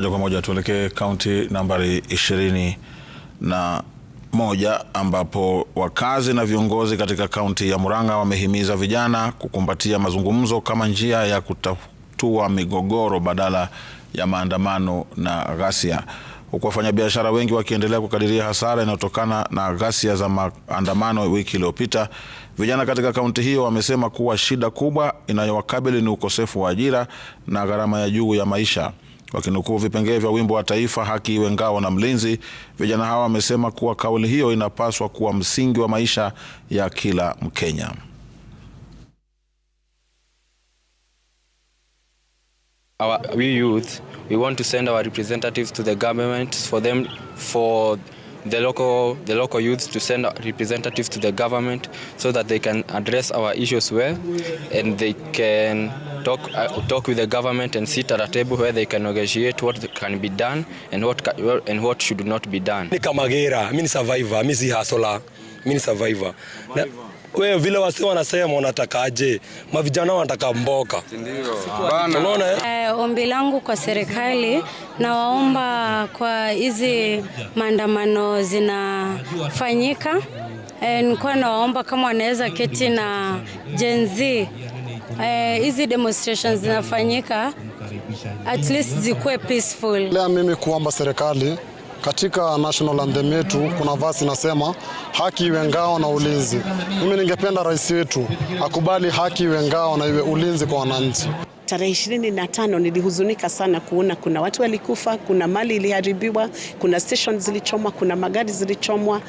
Moja kwa moja tuelekee kaunti nambari ishirini na moja ambapo wakazi na viongozi katika kaunti ya Murang'a wamehimiza vijana kukumbatia mazungumzo kama njia ya kutatua migogoro badala ya maandamano na ghasia, huku wafanyabiashara wengi wakiendelea kukadiria hasara inayotokana na ghasia za maandamano wiki iliyopita. Vijana katika kaunti hiyo wamesema kuwa shida kubwa inayowakabili ni ukosefu wa ajira na gharama ya juu ya maisha. Wakinukuu vipengee vya wimbo wa taifa haki iwe ngao na mlinzi, vijana hawa wamesema kuwa kauli hiyo inapaswa kuwa msingi wa maisha ya kila Mkenya. Our, we youth, we want to send our representatives to the government for them, for the local, the local to send representatives to the government so that they can address our issues well and they can talk, uh, talk with the government and sit at a table where they can negotiate what can be done and what, can, and what should not be done. Ni kamagera, mimi ni survivor, mimi si hustler, mimi ni survivor. Na, wewe vile wasi wanasema wanatakaje? Mavijana wanataka mboka. Eh? eh, ombi langu kwa serikali nawaomba kwa hizi maandamano zinafanyika, nikuwa nilikuwa nawaomba kama wanaweza keti na Gen Z Eh, hizi uh, demonstrations zinafanyika at least zikuwe peaceful. Lea mimi kuomba serikali katika national anthem yetu kuna vasi inasema haki iwe ngao na ulinzi. Mimi ningependa rais wetu akubali haki iwe ngao na iwe ulinzi kwa wananchi. Tarehe ishirini na tano nilihuzunika sana kuona kuna watu walikufa, kuna mali iliharibiwa, kuna station zilichomwa, kuna magari zilichomwa.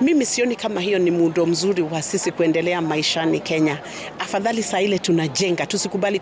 Mimi sioni kama hiyo ni muundo mzuri wa sisi kuendelea maishani Kenya. Afadhali saa ile tunajenga, tusikubali